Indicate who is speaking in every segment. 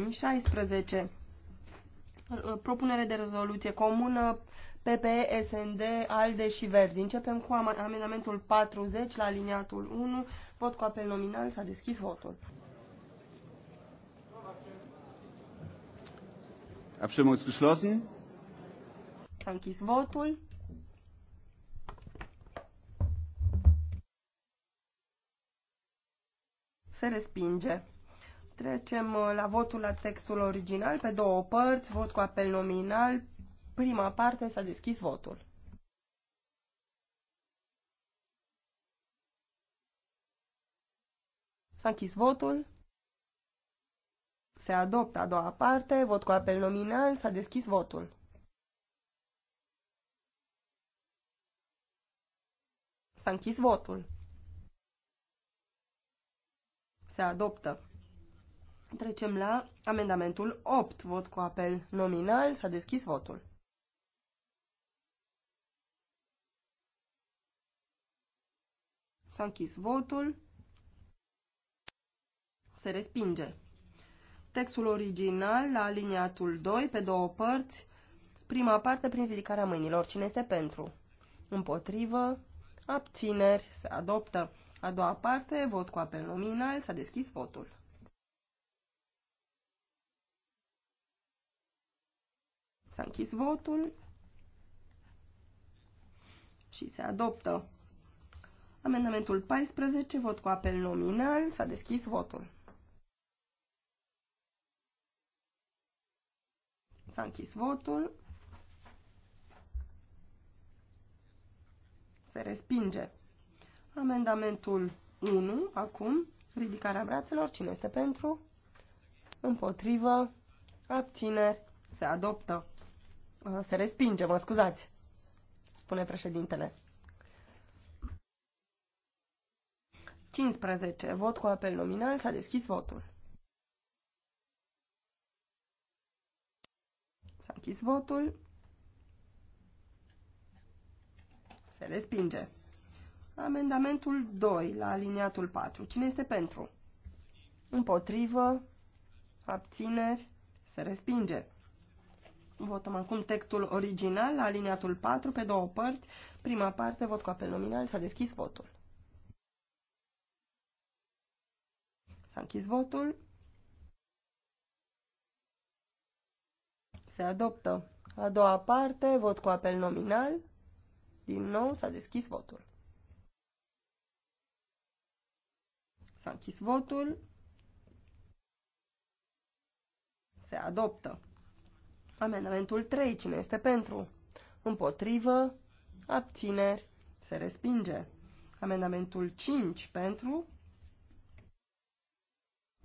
Speaker 1: 2016. Propunere de rezoluție comună PPE, SND, ALDE și Verzi. Începem cu amendamentul 40 la aliniatul 1. Vot cu apel nominal. S-a deschis votul. Abstimmung ist geschlossen. S-a închis votul. Se respinge. Trecem uh, la votul la textul original pe două părți, vot cu apel nominal. Prima parte s-a deschis votul. S-a închis votul. Se adoptă a doua parte, vot cu apel nominal, s-a deschis votul. S-a închis votul. Se adoptă Trecem la amendamentul 8, vot cu apel nominal. S-a deschis votul. S-a închis votul. Se respinge. Textul original la aliniatul 2 pe două părți. Prima parte prin ridicarea mâinilor. Cine este pentru? Împotrivă. Abțineri. Se adoptă. A doua parte, vot cu apel nominal. S-a deschis votul. S-a închis votul și se adoptă. Amendamentul 14, vot cu apel nominal, s-a deschis votul. S-a închis votul. Se respinge. Amendamentul 1, acum, ridicarea brațelor, cine este pentru? Împotrivă, abțineri, se adoptă. Uh, se respinge, mă scuzați, spune președintele. 15. Vot cu apel nominal. S-a deschis votul. S-a închis votul. Se respinge. Amendamentul 2 la aliniatul 4. Cine este pentru? Împotrivă. Abțineri. Se respinge. Votăm acum textul original, aliniatul 4, pe două părți. Prima parte, vot cu apel nominal, s-a deschis votul. S-a închis votul. Se adoptă. A doua parte, vot cu apel nominal. Din nou s-a deschis votul. S-a închis votul. Se adoptă. Amendamentul 3. Cine este pentru? Împotrivă. Abțineri. Se respinge. Amendamentul 5. Pentru.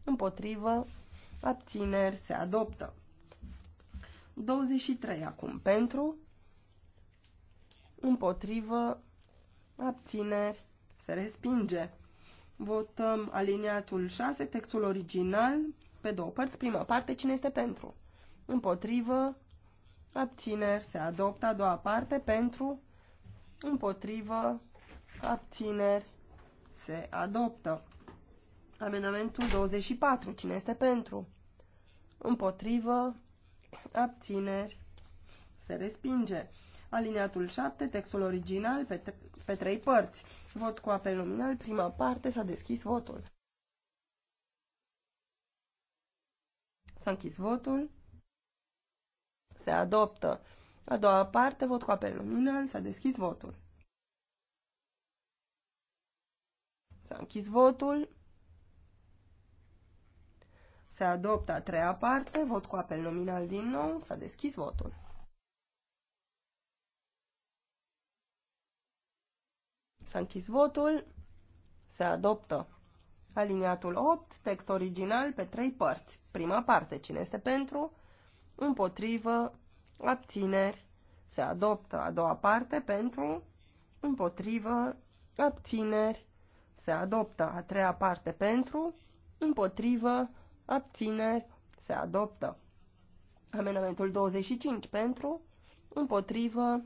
Speaker 1: Împotrivă. Abțineri. Se adoptă. 23. Acum pentru. Împotrivă. Abțineri. Se respinge. Votăm aliniatul 6, textul original, pe două părți. Prima parte, cine este pentru? împotrivă, abțineri, se adoptă a doua parte pentru, împotrivă, abțineri, se adoptă. Amendamentul 24. Cine este pentru? Împotrivă, abțineri, se respinge. Alineatul 7, textul original, pe, pe trei părți. Vot cu apel nominal, prima parte, s-a deschis votul. S-a închis votul se adoptă. A doua parte, vot cu apel nominal, s-a deschis votul. S-a închis votul. Se adoptă a treia parte, vot cu apel nominal din nou, s-a deschis votul. S-a închis votul. Se adoptă aliniatul 8, text original pe trei părți. Prima parte, cine este pentru? împotrivă, abțineri, se adoptă a doua parte pentru, împotrivă, abțineri, se adoptă a treia parte pentru, împotrivă, abțineri, se adoptă. Amendamentul 25 pentru, împotrivă,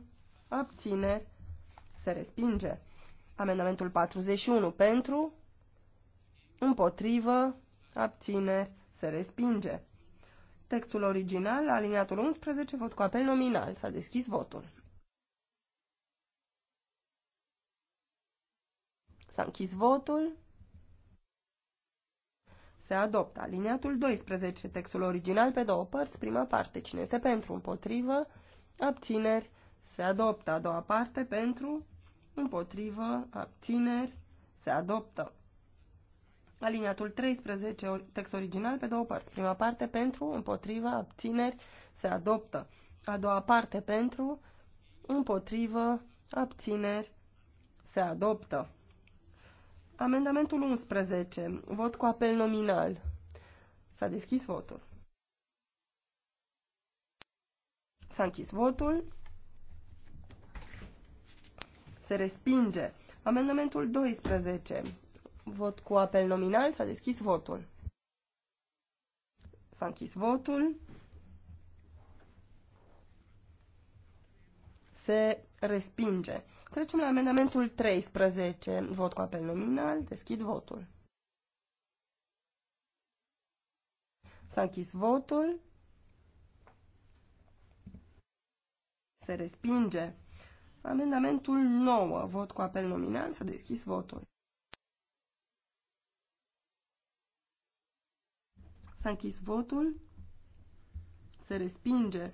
Speaker 1: abțineri, se respinge. Amendamentul 41 pentru, împotrivă, abțineri, se respinge. Textul original, aliniatul 11, vot cu apel nominal. S-a deschis votul. S-a închis votul. Se adoptă aliniatul 12, textul original pe două părți, prima parte, cine este pentru, împotrivă, abțineri, se adoptă a doua parte, pentru, împotrivă, abțineri, se adoptă. Aliniatul 13, text original, pe două părți. Prima parte pentru, împotriva, abțineri, se adoptă. A doua parte pentru, împotrivă, abțineri, se adoptă. Amendamentul 11. Vot cu apel nominal. S-a deschis votul. S-a închis votul. Se respinge. Amendamentul 12 Vot cu apel nominal. S-a deschis votul. S-a închis votul. Se respinge. Trecem la amendamentul 13. Vot cu apel nominal. Deschid votul. S-a închis votul. Se respinge. Amendamentul 9. Vot cu apel nominal. S-a deschis votul. S-a închis votul. Se respinge.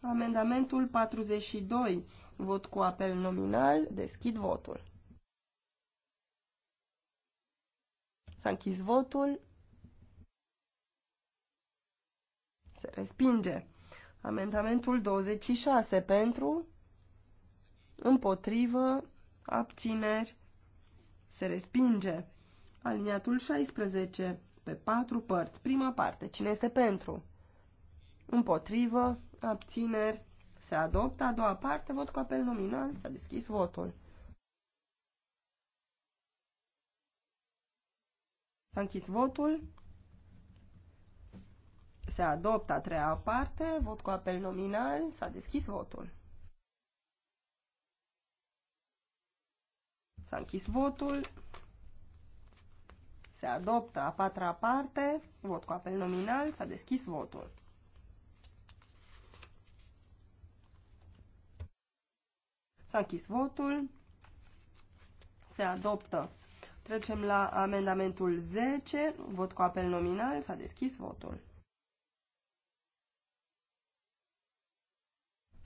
Speaker 1: Amendamentul 42. Vot cu apel nominal. Deschid votul. S-a închis votul. Se respinge. Amendamentul 26 pentru, împotrivă, abțineri, se respinge. Aliniatul 16 pe patru părți. Prima parte, cine este pentru? Împotrivă, abțineri, se adoptă. A doua parte, vot cu apel nominal, s-a deschis votul. S-a închis votul. Se adoptă a treia parte, vot cu apel nominal, s-a deschis votul. S-a închis votul se adoptă. A patra parte, vot cu apel nominal, s-a deschis votul. S-a închis votul. Se adoptă. Trecem la amendamentul 10, vot cu apel nominal, s-a deschis votul.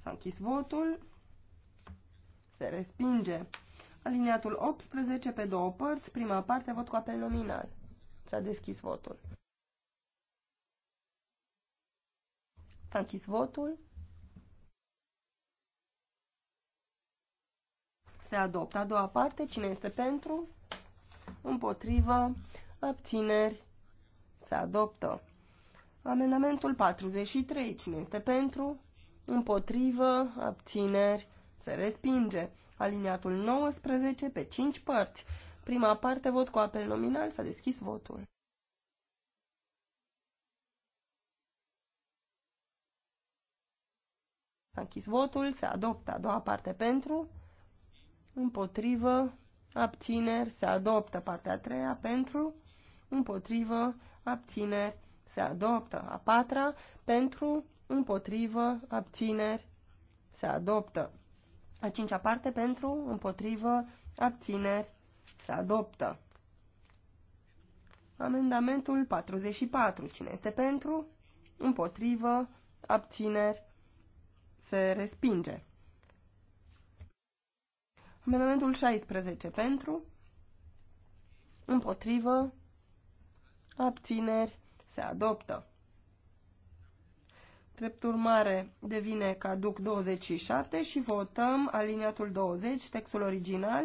Speaker 1: S-a închis votul. Se respinge. Aliniatul 18 pe două părți, prima parte, vot cu apel nominal. S-a deschis votul. S-a închis votul. Se adoptă a doua parte. Cine este pentru? Împotrivă. Abțineri. Se adoptă. Amendamentul 43. Cine este pentru? Împotrivă. Abțineri. Se respinge. Aliniatul 19 pe 5 părți. Prima parte, vot cu apel nominal, s-a deschis votul. S-a închis votul, se adoptă a doua parte pentru, împotrivă, abțineri, se adoptă partea a treia pentru, împotrivă, abțineri, se adoptă a patra pentru, împotrivă, abțineri, se adoptă. A cincea parte pentru, împotrivă, abțineri, se adoptă. Amendamentul 44. Cine este pentru? Împotrivă, abțineri, se respinge. Amendamentul 16. Pentru, împotrivă, abțineri, se adoptă. Drept urmare, devine caduc 27 și votăm aliniatul 20, textul original.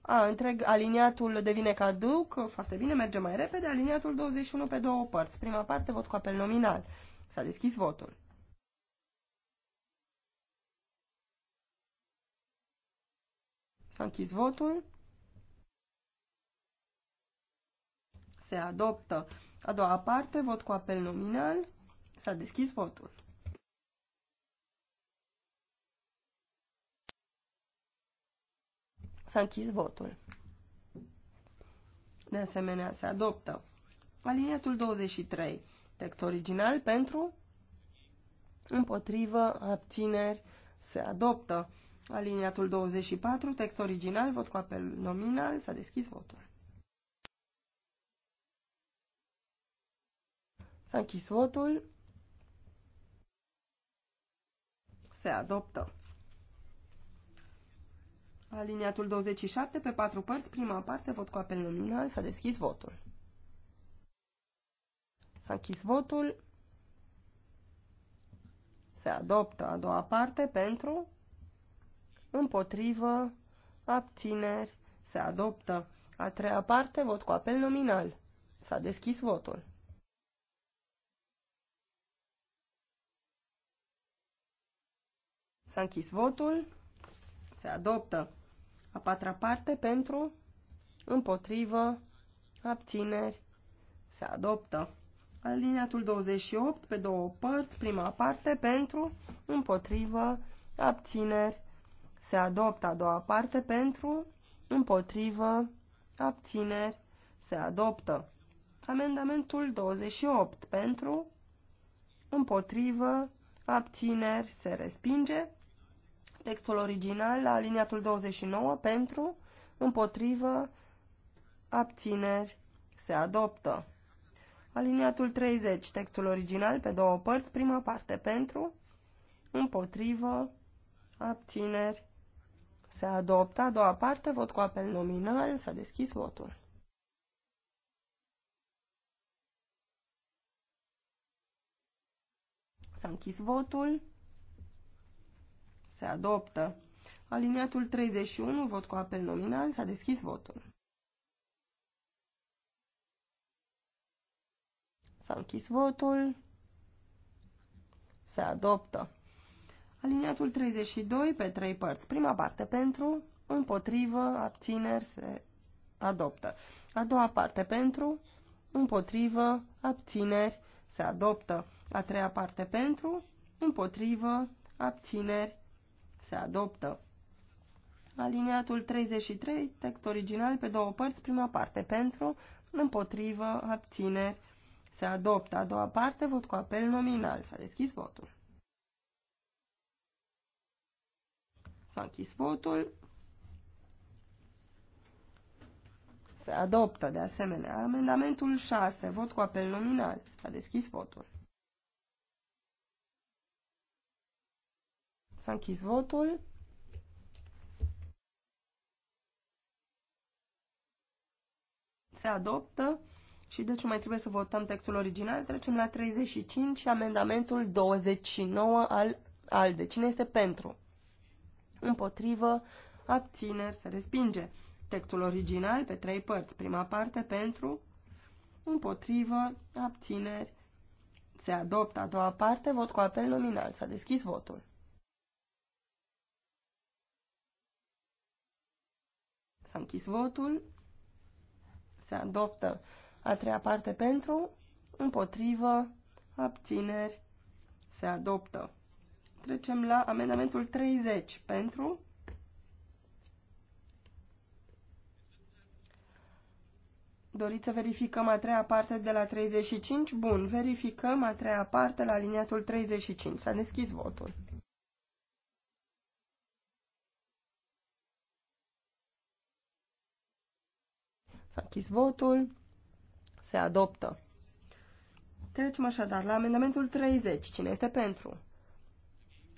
Speaker 1: A, întreg aliniatul devine caduc, foarte bine, merge mai repede, aliniatul 21 pe două părți. Prima parte, vot cu apel nominal. S-a deschis votul. S-a închis votul. Se adoptă a doua parte, vot cu apel nominal. S-a deschis votul. S-a închis votul. De asemenea, se adoptă. Aliniatul 23. Text original pentru împotrivă, abțineri, se adoptă. Aliniatul 24, text original, vot cu apel nominal, s-a deschis votul. S-a închis votul. Se adoptă. Aliniatul 27 pe patru părți, prima parte, vot cu apel nominal, s-a deschis votul. S-a închis votul. Se adoptă a doua parte pentru, împotrivă, abțineri, se adoptă. A treia parte, vot cu apel nominal. S-a deschis votul. S-a închis votul. Se adoptă a patra parte pentru, împotrivă, abțineri. Se adoptă. Aliniatul 28 pe două părți, prima parte pentru, împotrivă, abțineri. Se adoptă a doua parte pentru, împotrivă, abțineri. Se adoptă. Amendamentul 28 pentru, împotrivă, abțineri, se respinge. Textul original la aliniatul 29 pentru, împotrivă, abțineri, se adoptă. Aliniatul 30, textul original pe două părți, prima parte pentru, împotrivă, abțineri, se adoptă. A doua parte, vot cu apel nominal, s-a deschis votul. S-a închis votul. Se adoptă. Aliniatul 31, vot cu apel nominal, s-a deschis votul. S-a închis votul. Se adoptă. Aliniatul 32 pe trei părți. Prima parte pentru, împotrivă, abțineri, se adoptă. A doua parte pentru, împotrivă, abțineri, se adoptă. A treia parte pentru, împotrivă, abțineri, se adoptă. Aliniatul 33, text original pe două părți, prima parte pentru, împotrivă, abțineri, se adoptă. A doua parte, vot cu apel nominal. S-a deschis votul. S-a închis votul. Se adoptă, de asemenea, amendamentul 6, vot cu apel nominal. S-a deschis votul. S-a închis votul. Se adoptă și deci mai trebuie să votăm textul original. Trecem la 35 și amendamentul 29 al ALDE. Cine este pentru? Împotrivă, abțineri, se respinge. Textul original pe trei părți. Prima parte pentru, împotrivă, abțineri, se adoptă. A doua parte, vot cu apel nominal. S-a deschis votul. S-a închis votul. Se adoptă a treia parte pentru, împotrivă, abțineri, se adoptă. Trecem la amendamentul 30 pentru, Doriți să verificăm a treia parte de la 35? Bun, verificăm a treia parte la aliniatul 35. S-a deschis votul. S-a închis votul. Se adoptă. Trecem așadar la amendamentul 30. Cine este pentru?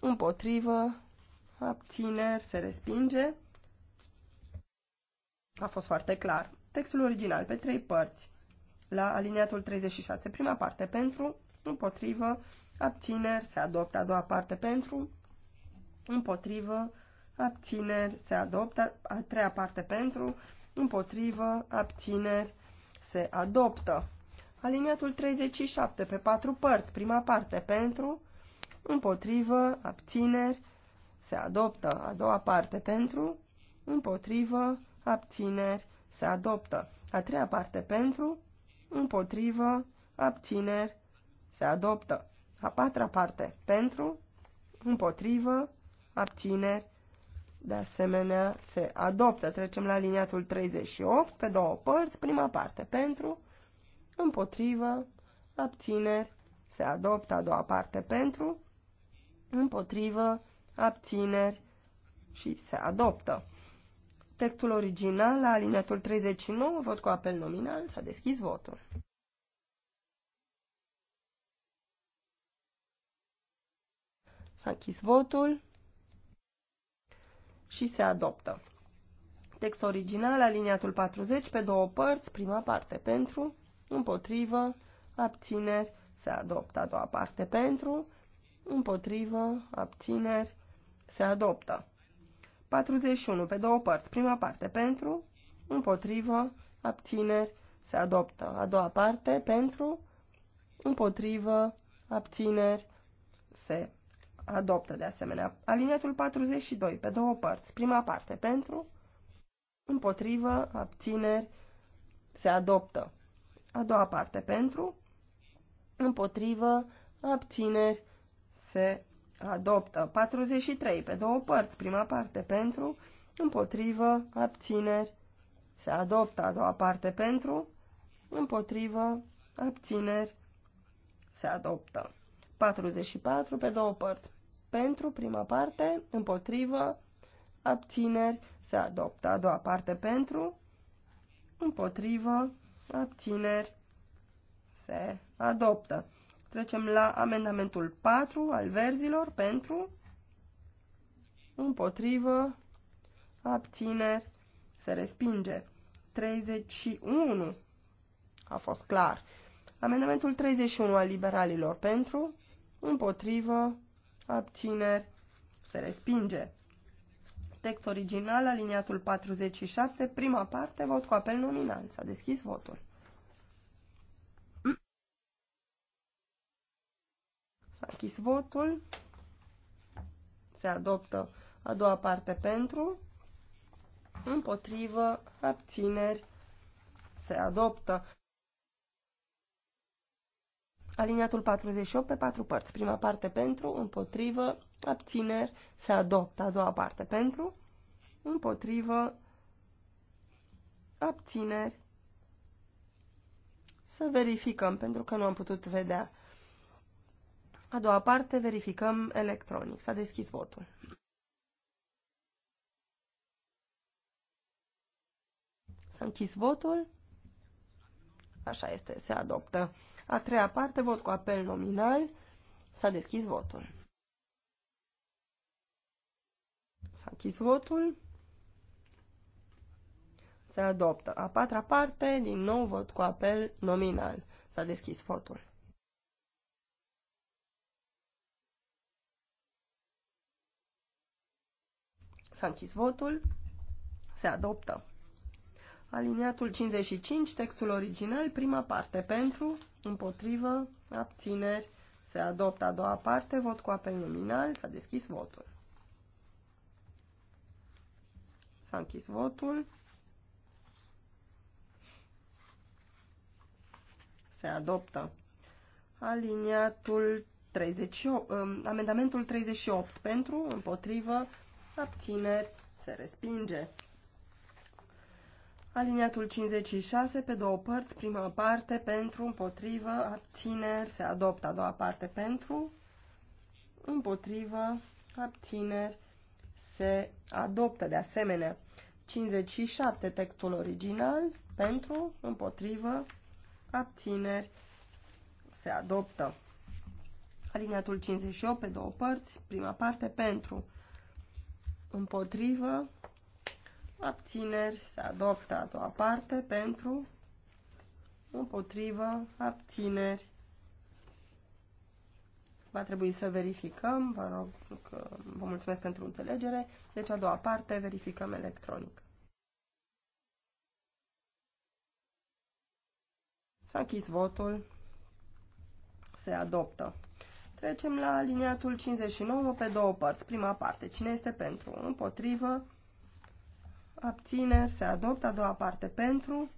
Speaker 1: Împotrivă. Abțineri. Se respinge. A fost foarte clar. Textul original pe trei părți. La aliniatul 36, prima parte pentru, împotrivă, abțineri, se adoptă a doua parte pentru, împotrivă, abțineri, se adoptă a treia parte pentru, împotrivă, abțineri, se adoptă. Aliniatul 37 pe patru părți, prima parte pentru, împotrivă, abțineri, se adoptă. A doua parte pentru, împotrivă, abțineri, se adoptă. A treia parte pentru, împotrivă, abțineri, se adoptă. A patra parte pentru, împotrivă, abțineri, de asemenea, se adoptă. Trecem la liniatul 38, pe două părți, prima parte pentru, împotrivă, abțineri, se adoptă a doua parte pentru, împotrivă, abțineri și se adoptă. Textul original la alineatul 39, vot cu apel nominal, s-a deschis votul. S-a închis votul și se adoptă. Text original, aliniatul 40, pe două părți, prima parte pentru, împotrivă, abțineri, se adoptă a doua parte pentru, împotrivă, abțineri, se adoptă. 41. Pe două părți. Prima parte pentru, împotrivă, abțineri, se adoptă. A doua parte pentru, împotrivă, abțineri, se adoptă de asemenea. Aliniatul 42, pe două părți. Prima parte, pentru, împotrivă, abțineri, se adoptă. A doua parte, pentru, împotrivă, abțineri, se adoptă. 43, pe două părți. Prima parte, pentru, împotrivă, abțineri, se adoptă. A doua parte, pentru, împotrivă, abțineri, se adoptă. 44 pe două părți pentru prima parte, împotrivă, abțineri, se adoptă. A doua parte pentru, împotrivă, abțineri, se adoptă. Trecem la amendamentul 4 al verzilor pentru, împotrivă, abțineri, se respinge. 31 a fost clar. Amendamentul 31 al liberalilor pentru, împotrivă, abțineri, se respinge. Text original, aliniatul 47, prima parte, vot cu apel nominal. S-a deschis votul. S-a închis votul. Se adoptă a doua parte pentru, împotrivă, abțineri, se adoptă. Aliniatul 48 pe patru părți. Prima parte pentru, împotrivă, abțineri, se adoptă. A doua parte pentru, împotrivă, abțineri. Să verificăm, pentru că nu am putut vedea. A doua parte verificăm electronic. S-a deschis votul. S-a închis votul. Așa este, se adoptă. A treia parte, vot cu apel nominal. S-a deschis votul. S-a închis votul. Se adoptă. A patra parte, din nou vot cu apel nominal. S-a deschis votul. S-a închis votul. Se adoptă. Aliniatul 55, textul original, prima parte pentru, împotrivă, abțineri, se adoptă a doua parte, vot cu apel nominal, s-a deschis votul. S-a închis votul. Se adoptă. Aliniatul 38, um, amendamentul 38 pentru, împotrivă, abțineri, se respinge. Aliniatul 56 pe două părți, prima parte pentru, împotrivă, abțineri, se adoptă a doua parte pentru, împotrivă, abțineri, se adoptă de asemenea. 57 textul original, pentru, împotrivă, abțineri, se adoptă. Aliniatul 58 pe două părți, prima parte pentru, împotrivă, abțineri, se adoptă a doua parte, pentru, împotrivă, abțineri. Va trebui să verificăm, vă rog, că vă mulțumesc pentru înțelegere. Deci a doua parte, verificăm electronic. S-a închis votul. Se adoptă. Trecem la aliniatul 59 pe două părți. Prima parte. Cine este pentru? Împotrivă abțineri, se adoptă. A doua parte pentru,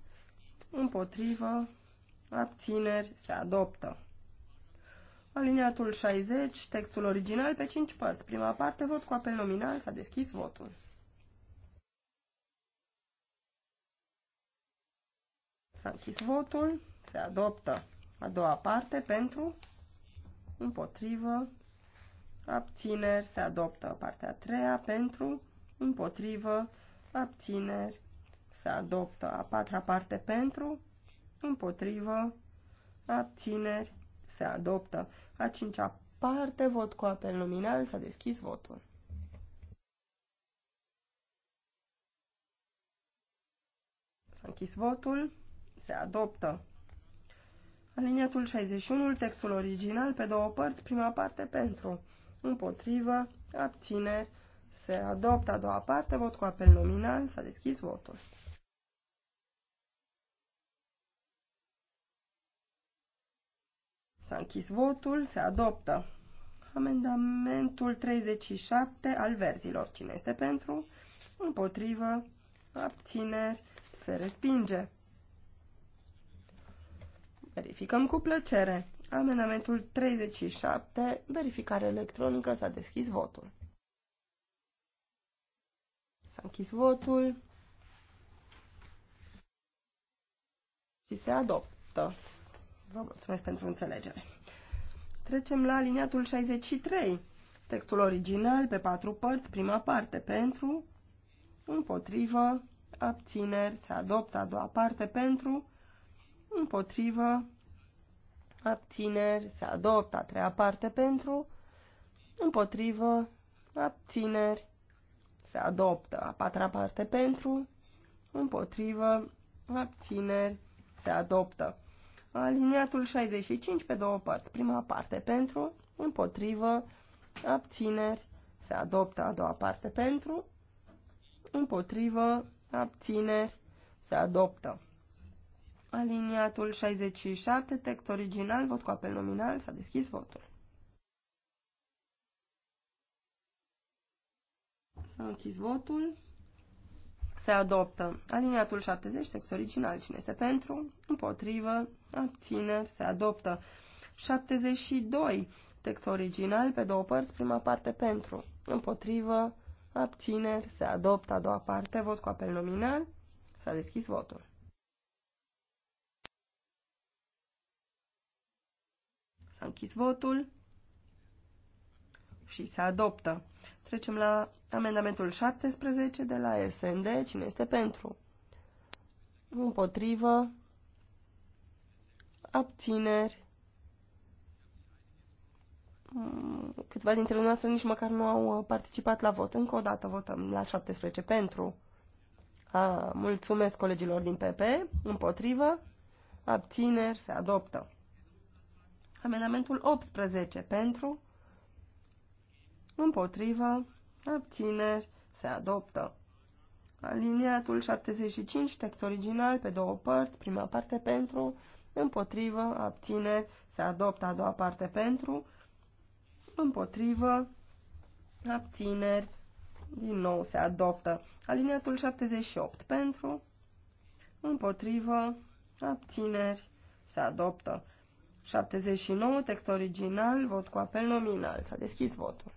Speaker 1: împotrivă, abțineri, se adoptă. Aliniatul 60, textul original pe 5 părți. Prima parte, vot cu apel nominal, s-a deschis votul. S-a închis votul, se adoptă a doua parte pentru, împotrivă, abțineri, se adoptă partea a treia pentru, împotrivă, abțineri, se adoptă. A patra parte pentru, împotrivă, abțineri, se adoptă. A cincea parte, vot cu apel nominal, s-a deschis votul. S-a închis votul, se adoptă. Aliniatul 61, textul original, pe două părți, prima parte pentru, împotrivă, abțineri, se adoptă a doua parte, vot cu apel nominal, s-a deschis votul. S-a închis votul, se adoptă amendamentul 37 al verzilor. Cine este pentru? Împotrivă, abțineri, se respinge. Verificăm cu plăcere. Amendamentul 37, verificare electronică, s-a deschis votul. S-a închis votul. Și se adoptă. Vă mulțumesc pentru înțelegere. Trecem la aliniatul 63. Textul original pe patru părți, prima parte pentru, împotrivă, abțineri, se adoptă a doua parte pentru, împotrivă, abțineri, se adoptă a treia parte pentru, împotrivă, abțineri, se adoptă. A patra parte pentru, împotrivă, abțineri, se adoptă. Aliniatul 65 pe două părți. Prima parte pentru, împotrivă, abțineri, se adoptă. A doua parte pentru, împotrivă, abțineri, se adoptă. Aliniatul 67, text original, vot cu apel nominal, s-a deschis votul. să închizi votul. Se adoptă aliniatul 70, text original. Cine este pentru? Împotrivă. Abțineri. Se adoptă 72, text original, pe două părți, prima parte pentru. Împotrivă. Abțineri. Se adoptă a doua parte. Vot cu apel nominal. S-a deschis votul. S-a închis votul și se adoptă. Trecem la Amendamentul 17 de la SND. Cine este pentru? Împotrivă. Abțineri. Mm, câțiva dintre noastre nici măcar nu au uh, participat la vot. Încă o dată votăm la 17 pentru. A, mulțumesc colegilor din PP. Împotrivă. Abțineri. Se adoptă. Amendamentul 18 pentru. Împotrivă abțineri, se adoptă. Aliniatul 75, text original, pe două părți, prima parte pentru, împotrivă, abțineri, se adoptă a doua parte pentru, împotrivă, abțineri, din nou se adoptă. Aliniatul 78 pentru, împotrivă, abțineri, se adoptă. 79, text original, vot cu apel nominal. S-a deschis votul.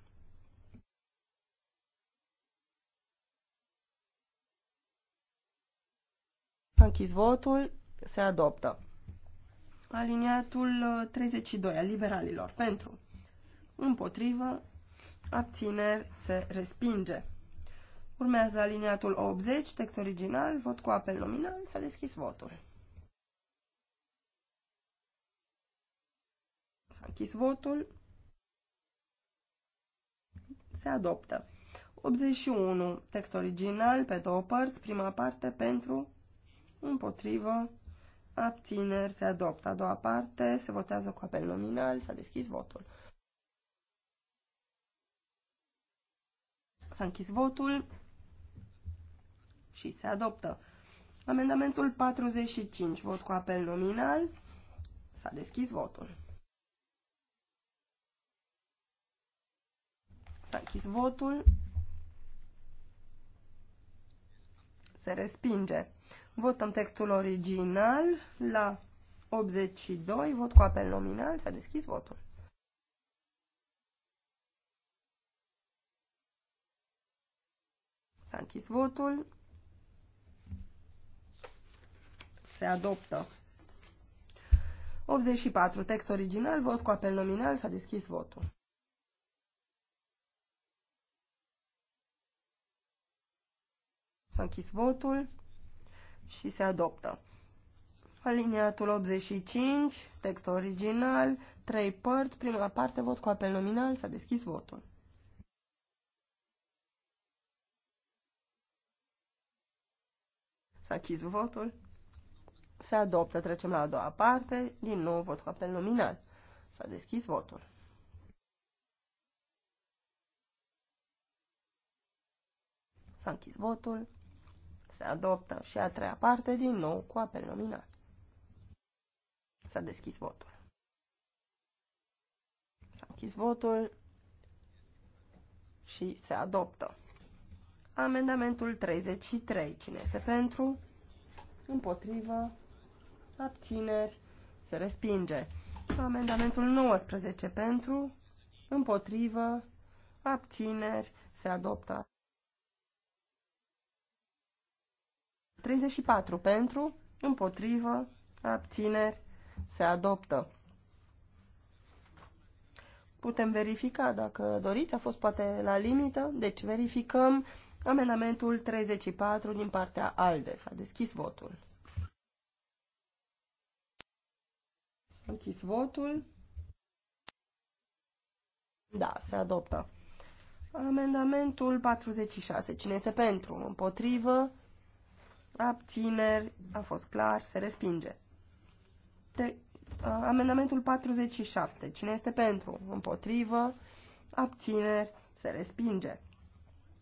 Speaker 1: închis votul. Se adoptă. Aliniatul 32 uh, al liberalilor. Pentru. Împotrivă. Abțineri. Se respinge. Urmează aliniatul 80, text original, vot cu apel nominal, s-a deschis votul. S-a închis votul. Se adoptă. 81, text original, pe două părți, prima parte pentru, împotrivă, abțineri, se adoptă. A doua parte se votează cu apel nominal, s-a deschis votul. S-a închis votul și se adoptă. Amendamentul 45, vot cu apel nominal, s-a deschis votul. S-a închis votul. Se respinge. Votăm textul original la 82, vot cu apel nominal, s-a deschis votul. S-a închis votul. Se adoptă. 84. Text original, vot cu apel nominal, s-a deschis votul. S-a închis votul și se adoptă. Aliniatul 85, text original, trei părți, prima parte, vot cu apel nominal, s-a deschis votul. S-a chis votul. Se adoptă, trecem la a doua parte, din nou vot cu apel nominal. S-a deschis votul. S-a închis votul se adoptă și a treia parte din nou cu apel nominal. S-a deschis votul. S-a închis votul și se adoptă. Amendamentul 33. Cine este pentru? Împotrivă? Abțineri? Se respinge. Amendamentul 19 pentru? Împotrivă? Abțineri? Se adoptă. 34 pentru, împotrivă, abțineri, se adoptă. Putem verifica dacă doriți, a fost poate la limită, deci verificăm amenamentul 34 din partea ALDE. S-a deschis votul. S-a închis votul. Da, se adoptă. Amendamentul 46. Cine este pentru? Împotrivă? abțineri, a fost clar, se respinge. Te, amendamentul 47. Cine este pentru? Împotrivă, abțineri, se respinge.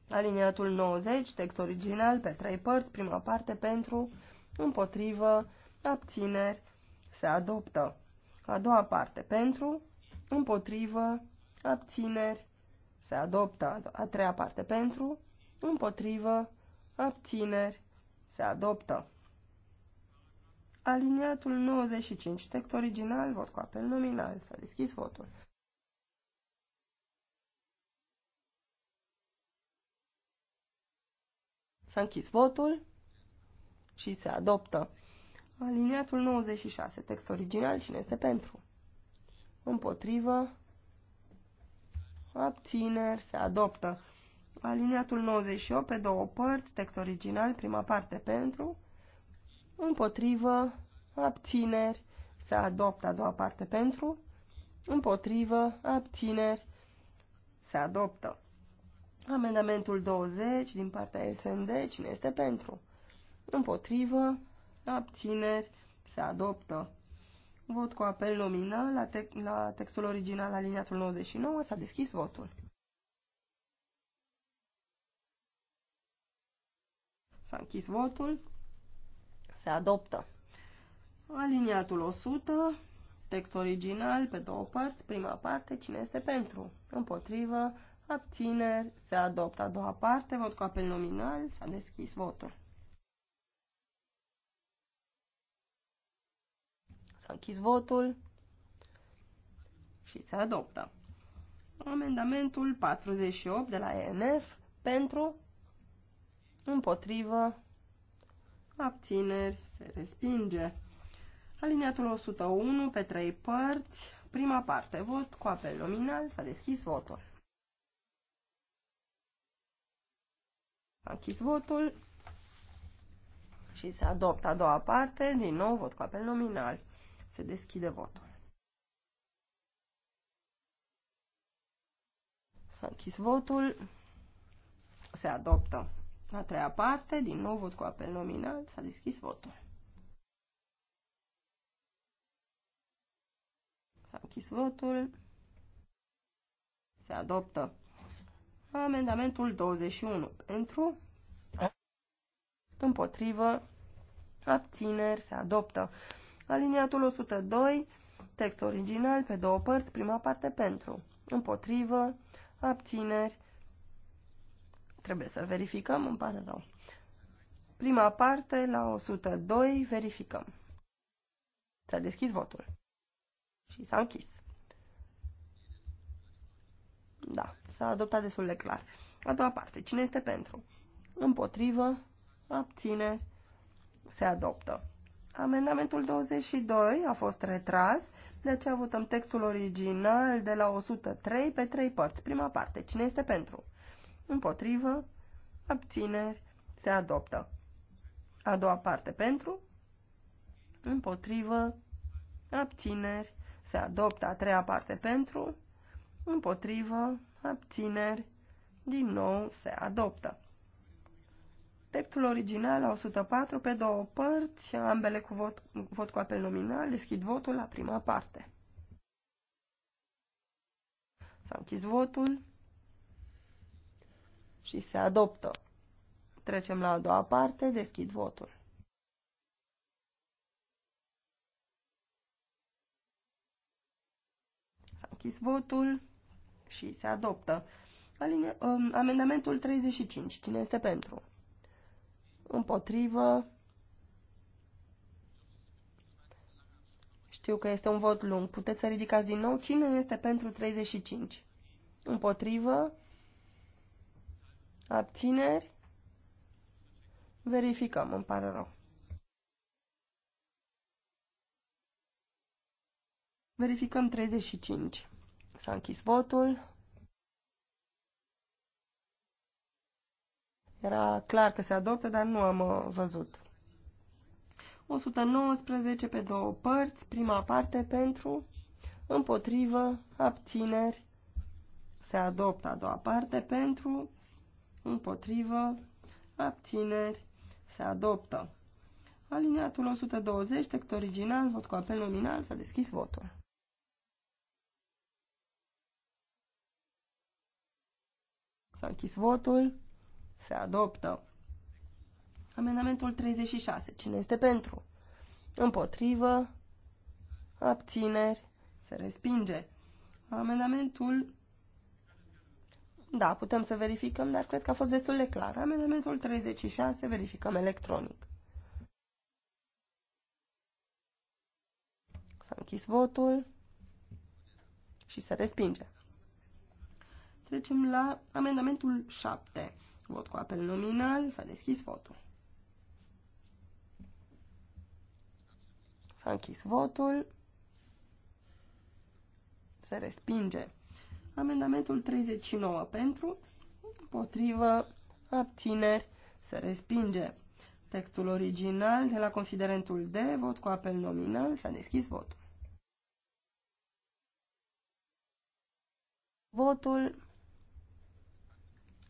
Speaker 1: Aliniatul 90, text original, pe trei părți, prima parte pentru, împotrivă, abțineri, se adoptă. A doua parte pentru, împotrivă, abțineri, se adoptă. A treia parte pentru, împotrivă, abțineri, se adoptă. Aliniatul 95, text original, vot cu apel nominal. S-a deschis votul. S-a închis votul și se adoptă. Aliniatul 96, text original, cine este pentru? Împotrivă, abțineri, se adoptă. Aliniatul 98 pe două părți, text original, prima parte pentru, împotrivă, abțineri, se adoptă a doua parte pentru, împotrivă, abțineri, se adoptă. Amendamentul 20 din partea SND, cine este pentru? Împotrivă, abțineri, se adoptă. Vot cu apel nominal la, te la textul original aliniatul 99, s-a deschis votul. S-a închis votul. Se adoptă. Aliniatul 100, text original pe două părți, prima parte, cine este pentru? Împotrivă, abțineri, se adoptă a doua parte, vot cu apel nominal, s-a deschis votul. S-a închis votul și se adoptă. Amendamentul 48 de la ENF pentru împotrivă, abțineri, se respinge. Aliniatul 101 pe trei părți, prima parte, vot cu apel nominal, s-a deschis votul. S-a închis votul și se adoptă a doua parte, din nou vot cu apel nominal, se deschide votul. S-a închis votul, se adoptă. A treia parte, din nou vot cu apel nominal, s-a deschis votul. S-a închis votul. Se adoptă amendamentul 21 pentru, împotrivă, abțineri, se adoptă. Aliniatul 102, text original pe două părți, prima parte pentru, împotrivă, abțineri, Trebuie să verificăm, îmi pare rău. Prima parte, la 102, verificăm. S-a deschis votul. Și s-a închis. Da, s-a adoptat destul de clar. A doua parte, cine este pentru? Împotrivă, abține, se adoptă. Amendamentul 22 a fost retras, de aceea votăm textul original de la 103 pe 3 părți. Prima parte, cine este pentru? împotrivă, abțineri, se adoptă. A doua parte pentru, împotrivă, abțineri, se adoptă. A treia parte pentru, împotrivă, abțineri, din nou se adoptă. Textul original la 104 pe două părți, ambele cu vot, vot cu apel nominal, deschid votul la prima parte. S-a închis votul și se adoptă. Trecem la a doua parte, deschid votul. S-a închis votul și se adoptă. Aline, um, amendamentul 35. Cine este pentru? Împotrivă. Știu că este un vot lung. Puteți să ridicați din nou. Cine este pentru 35? Împotrivă. Abțineri? Verificăm, îmi pare rău. Verificăm 35. S-a închis votul. Era clar că se adoptă, dar nu am uh, văzut. 119 pe două părți, prima parte pentru, împotrivă, abțineri, se adoptă a doua parte pentru, împotrivă, abțineri, se adoptă. Aliniatul 120, text original, vot cu apel nominal, s-a deschis votul. S-a închis votul, se adoptă. Amendamentul 36, cine este pentru? Împotrivă, abțineri, se respinge. Amendamentul da, putem să verificăm, dar cred că a fost destul de clar. Amendamentul 36, verificăm electronic. S-a închis votul și se respinge. Trecem la amendamentul 7. Vot cu apel nominal, s-a deschis votul. S-a închis votul. Se respinge. Amendamentul 39 pentru, împotrivă, abțineri, se respinge. Textul original de la considerentul D, vot cu apel nominal, s-a deschis votul. Votul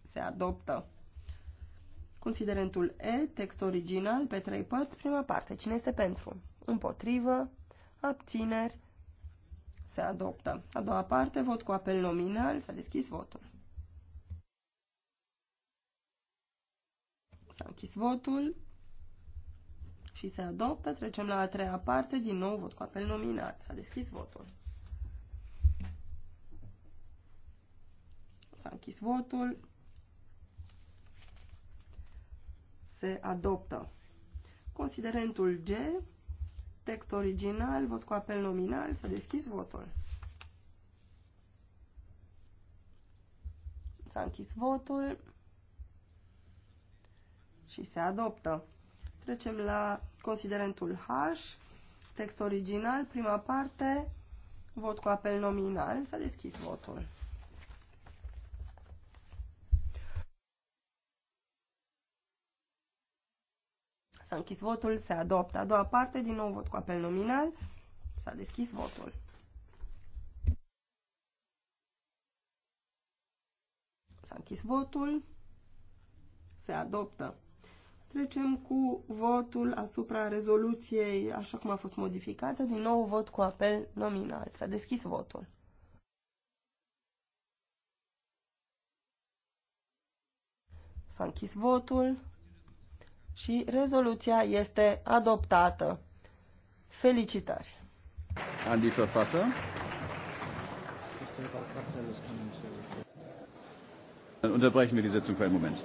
Speaker 1: se adoptă. Considerentul E, text original, pe trei părți, prima parte. Cine este pentru? Împotrivă, abțineri, se adoptă. A doua parte, vot cu apel nominal. S-a deschis votul. S-a închis votul și se adoptă. Trecem la a treia parte, din nou vot cu apel nominal. S-a deschis votul. S-a închis votul. Se adoptă. Considerentul G Text original, vot cu apel nominal, s-a deschis votul. S-a închis votul și se adoptă. Trecem la considerentul H, text original, prima parte, vot cu apel nominal, s-a deschis votul. S-a închis votul, se adoptă. A doua parte, din nou vot cu apel nominal. S-a deschis votul. S-a închis votul. Se adoptă. Trecem cu votul asupra rezoluției așa cum a fost modificată. Din nou vot cu apel nominal. S-a deschis votul. S-a închis votul și rezoluția este adoptată. Felicitări! An die unterbrechen wir die Sitzung für einen Moment.